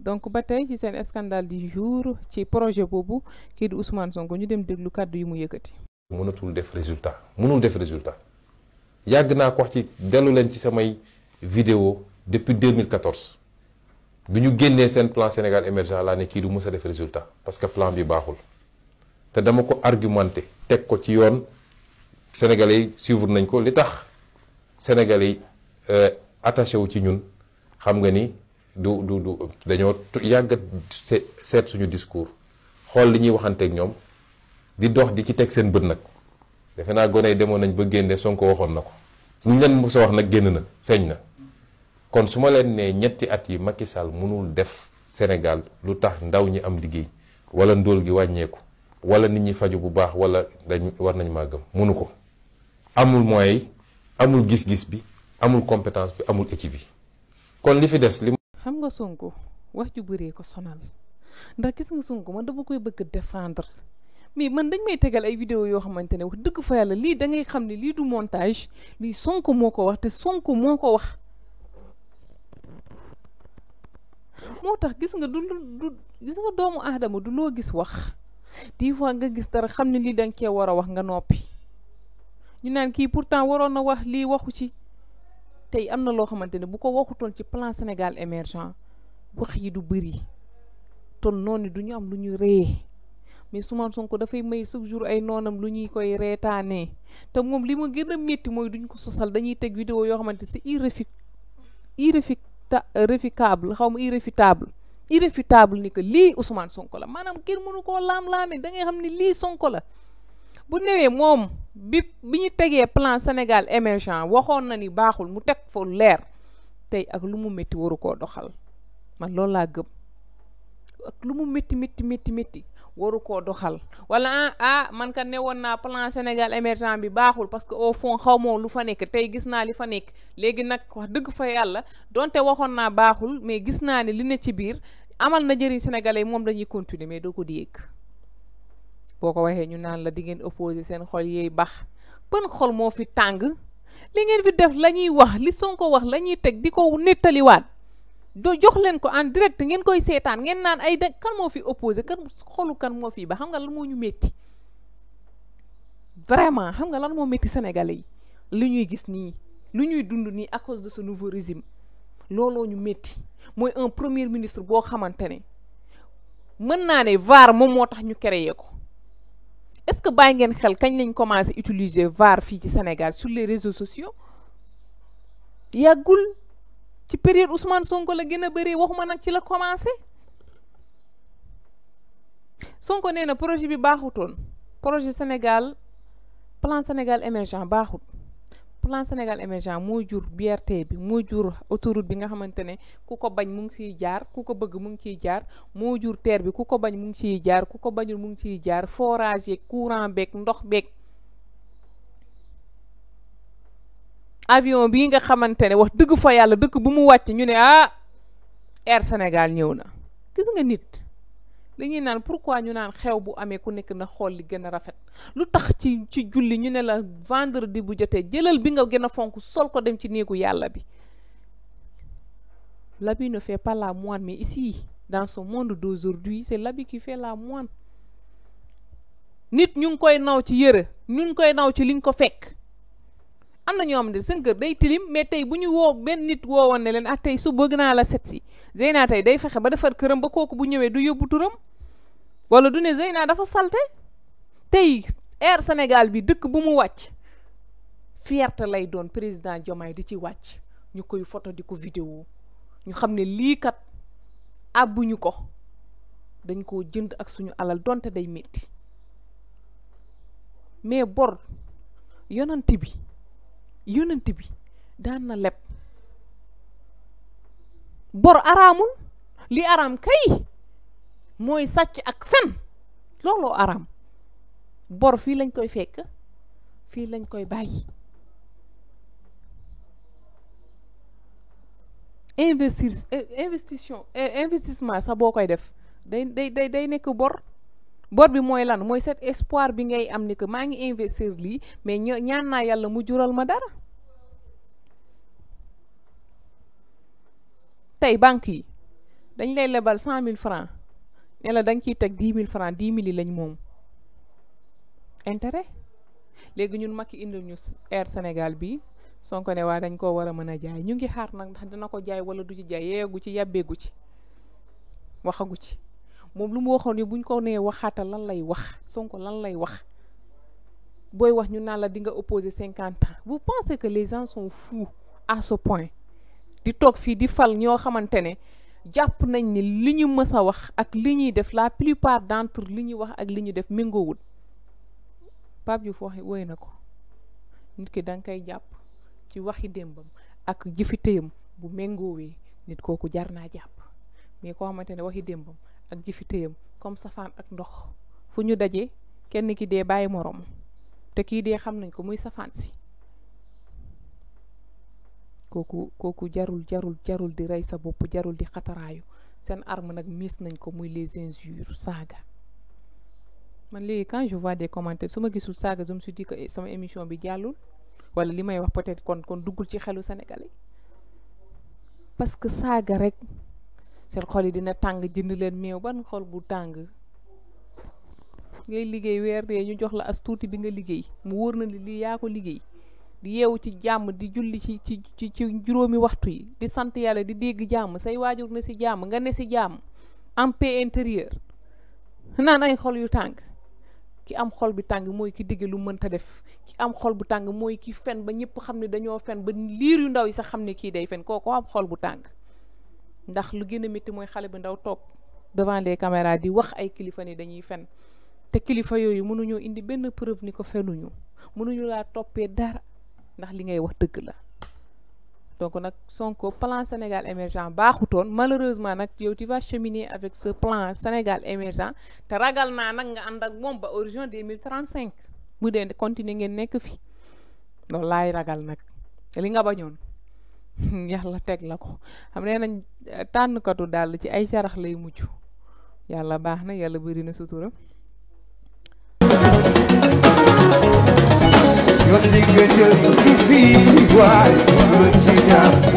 donc ba tey ci seen scandale di jour ci projet boobu kii di Ousmane Sonko ñu dem lu kàddu yi mu yëkkati. mënatul def résultat mënul def résultat yàgg naa ko wax ci dellu leen ci samay vidéo depuis 2014 bi ñu génnee seen plan Sénégal émergent laa ne kii du mës a def résultat parce que plan bi baaxul te dama ko argumenté teg ko ci yoon sénégalais yi suivre nañ ko li tax sénégalais Euh, attaché wu ci ñun xam nga ni du du du dañoo yàggat seet suñu discours xool li ñuy waxanteek ñoom di dox di ci teg seen bët nag defe naa gone yi demoon nañ ba génne Sonko waxoon na ko luñ leen mos wax nag génn na feeñ na kon su ma leen nee ñetti at yi Macky Sall mënul def Sénégal lu tax ndaw ñi am liggéey wala ndóol gi wàññeeku wala nit ñi faju bu baax wala dañ war nañ màgg munu ko amul moyens amul gis-gis bi amul compétence bi amul équipe bi kon li fi des xam nga Sonko wax ju bëree ko sonal ndax gis nga sunk man dama koy bëgg défendre mais man dañ may tegal ay vidéo yoo xamante ne wax dëgg fa yàlla lii dangay xam ne lii du montage lii Sonko moo ko wax te Sonko moo ko wax. moo tax gis nga du du gis nga doomu aadama du loo gis wax di fois nga gis dara xam ne lii danga cee war a wax nga noppi ñu naan kii pourtant waroon na wax lii waxu ci. tey am na loo xamante ne bu ko waxutoon ci plan Sénégal émergent wax yi du bëri ton noonu du ñu am lu ñu ree mais Ousmane Sonko dafay may chaque jour ay noonam lu ñuy koy reetaanee te moom li ma gën a métti mooy duñ ko sosal dañuy teg vidéo yoo xamante c'est irréfi irréfutable xaw ma irréfutable irréfutable ni que lii Ousmane Sonko la maanaam kenn mënu koo laam-laame da ngay xam ne lii Sonko la bu newee moom bi bi ñu tegee plan Sénégal émergent waxoon na ni baaxul mu teg foo leer tey ak lu mu métti waru koo doxal man loolu laa gëm ak lu mu métti métti métti métti waru koo doxal wala ah, ah man ka ne woon naa plan Sénégal émergent bi baaxul parce que au fond xaw moo lu fa nekk tey gis naa li fa nekk léegi nag wax dëgg fa yàlla donte waxoon naa baaxul mais gis naa ni li ne ci biir amal na njëriñ sénégalais moom dañuy continuer mais doo ko di yëg boo ko waxee ñu naan la di ngeen opposé seen xol yeey baax ban xol moo fi tàng li ngeen fi def la ñuy wax li Sonko wax la ñuy teg di ko nettaliwaat doo jox leen ko en direct ngeen koy seetaan ngeen naan ay da kan moo fi opposé kan xolu kan moo fi ba xam nga lan moo ñu metti vraiment xam nga lan moo métti sénégalais yi li ñuy gis nii lu ñuy dund nii à cause de ce nouveau régime looloo ñu métti mooy un premier ministre boo xamante ne mën naa ne VAR moom moo tax ñu créé ko est-ce que bàyyi ngeen xel kañ lañ commencé utiliser VAR fii ci Sénégal sur les réseaux sociaux yàggul ci période Ousmane Sonko la gën a bëri waxuma nag ci la commencé Sonko nee na projet bi baaxutoon projet Sénégal plan Sénégal émergent baaxut plan Sénégal émergent moo jur BRT bi moo jur autoroute bi nga xamante ne ku ko bañ mu ngi ci jaar ku ko bëgg mu ngi ciy jaar moo jur terre bi ku ko bañ mu ngi ci jaar ku ko bañul mu ngi ciy jaar forage yeeg courant beeg ndox beeg avion bii nga xamante ne wax dëgg fa yàlla dëkk bu mu wàcc ñu ne ah Air Sénégal ñëw na gis nga nit li ñuy naan pourquoi ñu naan xew bu amee ku nekk na xool li gën a rafet lu tax ci ci julli ñu ne la vendredi bu jotee jëlal bi nga gën a fonk sol ko dem ci néegu yàlla bi labi ne fait pas la moine mais ici dans ce monde d'aujourd'hui c'est labi qui fait la moine nit ñu ngi koy naw ci yëre ñu ngi koy naw ci liñ ko fekk am na ñoo xam ne seen day tilim mais tey bu ñu woo benn nit woowoon ne leen ak ah, tey su bëgg naa la set si Zeyna tey day fexe ba defar këram ba kooku bu ñëwee du yóbbu turam wala du ne Zeyna dafa salte tey Air Sénégal bi dëkk bu mu wàcc fierté lay doon président Diomaye di ci wàcc ñu koy photo di ko vidéo ñu xam ne lii kat àbbuñu ko dañ koo jënd ak suñu alal donte day métti mais bor yonanti bi yonent bi daan na leb bor araamul li araam kay mooy sàcc ak fen looloo araam bor fii lañ koy fekk fii lañ koy bàyyi investir eh, investition eh, investissement sax boo koy def day day day day nekk bor bor bi mooy lan mooy cet espoir bi ngay am ni que maa ngi investir lii mais ñaan naa yàlla mu jural ma dara tey banque yi dañ lay lebal cent mille francs ne la da ciy teg dix mille francs dix mille yi lañ moom intérêt léegi ñun Macky indi ñu Air Sénégal bi Sonko ne waa dañ koo war a mën a jaay ñu ngi xaar nag ndax dina ko jaay wala du ci jaay yeegu ci yàbbeegu ci waxagu ci moom lu mu waxoon yow bu ñu ko nee waxaatal lan lay wax Sonko lan lay wax booy wax ñu naan la di nga opposé cinquante ans bu pensez que les gens sont fous à ce point di toog fii di fal ñoo xamante ne jàpp nañ ni li ñu mës a wax ak li ñuy def la plus plupart d'entre li ñuy wax ak li ñuy def méngoowul Pape Diouf wax woy na ko nit ki da nga koy jàpp ci waxi démbam ak jëfiteyam bu méngoowee nit kooku jar naa jàpp mais koo xamante ne waxi démbam ak jëfitéyam comme safaan ak ndox fu ñu dajee kenn ki dee bàyyi moroom te kii dee xam nañ ko muy safaan si kooku kooku jarul jarul jarul di rey sa bopp jarul di xataraayu seen arme nag miis nañ ko muy les injures saaga man léegi quand je vois des commentaires su ma gisul saaga je me suis dit eh, sama émission bi jàllul wala li may wax peut-être kon kon duggul ci xelu Sénégalais parce que saaga rek seen xol yi dina tàng jënd leen meew ban xol bu tàng ngay liggéey weer dee ñu jox la as tuuti bi nga liggéey mu wóor na lii yaa ko liggéey di yeewu ci jàmm di julli ci ci ci ci juróomi waxtu yi di sant yàlla di dégg jàmm say waajur na si jàmm nga ne si jàmm en paix intérieure naan ay xol yu tàng ki am xol bi tàng mooy ki digge lu mënta def ki am xol bu tàng mooy ki fen ba ñëpp xam ne dañoo fen ba liir yu ndaw yi sax xam ne kii day fen kooku am xol bu tàng ndax lu gën a métti mooy xale bu ndaw toog devant les caméras di wax ay kilifa ni dañuy fen te kilifa yooyu mënuñoo indi benn preuve ni ko fenuñu mënuñu laa toppee dara ndax li ngay wax dëgg la donc nag Sonko plan Sénégal émergent baaxutoon malheureusement nag yow ti vas cheminer avec ce plan Sénégal émergent te ragal naa nag nga ànd ak moom ba mille horizon cinq bu dee continuer ngeen nekk fi loolu laay ragal nag li nga bañoon yàlla teg la ko xam nee nañ eh, tànnkatu dàll ci ay carax lay mucc yàlla baax na yàlla bëri na sutura